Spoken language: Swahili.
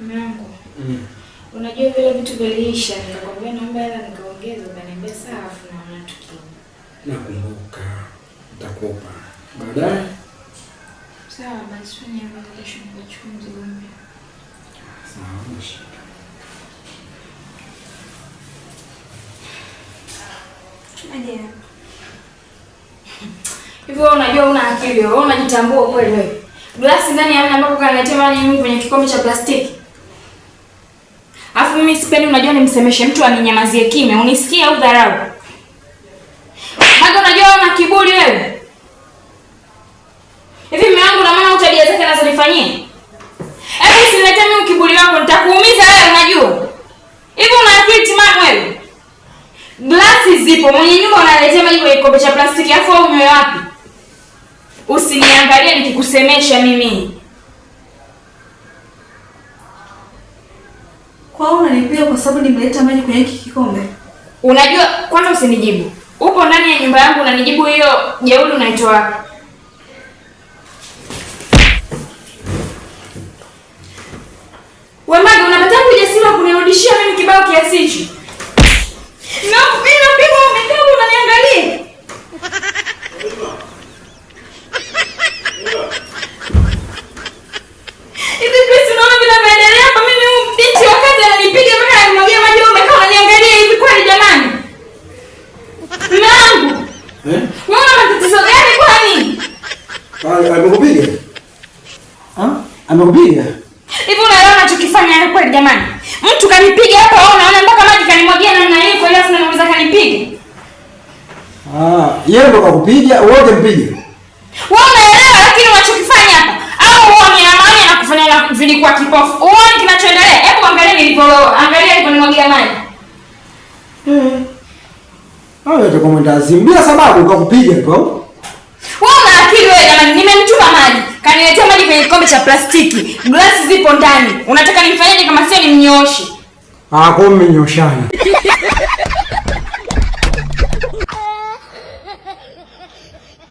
Mwanangu. Mm. Unajua vile vitu viliisha, nikakwambia naomba hela nikaongeza, ukaniambia sawa, afu naona Nakumbuka. Nitakupa. Baadaye. Sawa basi, hivyo kesho nikachukua mzigo mpya. Sawa, Aje. Hivyo unajua una akili, wewe unajitambua kweli wewe. Glasi ndani ya ambapo kanaletea maji mimi kwenye kikombe cha plastiki? Alafu mimi sipendi, unajua nimsemeshe mtu aninyamazie kime, unisikie au dharau? Hata unajua una kiburi wewe. Hivi mume wangu, na mama utabia zake nazonifanyia? Hebu usinilete mimi kiburi wako, nitakuumiza wewe, unajua. Hivi una akili timamu wewe? Glasi zipo, mwenye nyumba unaletea maji kwenye kikombe cha plastiki, afu umewapi? Usiniangalie nikikusemesha mimi. Kwa hiyo unanipiga kwa sababu nimeleta maji kwenye hiki kikombe? Unajua, kwanza usinijibu. Uko ndani ya nyumba yangu unanijibu hiyo jeuri unaitoa. Amekupiga? Amekupiga? Hivi unaelewa anachokifanya yeye kweli jamani? Mtu kanipiga hapa au unaona mpaka maji kanimwagia namna hiyo kwa hiyo afu unaweza kanipige? Ah, yeye ndo kakupiga, wewe umpige. Wewe unaelewa lakini unachokifanya hapa au uone na maana na kufanya la vilikuwa kipofu. Uone kinachoendelea. Hebu angalia nilipoloa, angalia nilipomwagia maji. Eh. Haya, utakwenda azimbia sababu kakupiga tu jamani, nimemchuma maji, kaniletea maji kwenye kikombe cha plastiki, glasi zipo ndani. Unataka nimfanyaje kama sio nimnyooshe? Ah, kwa mmenyoshana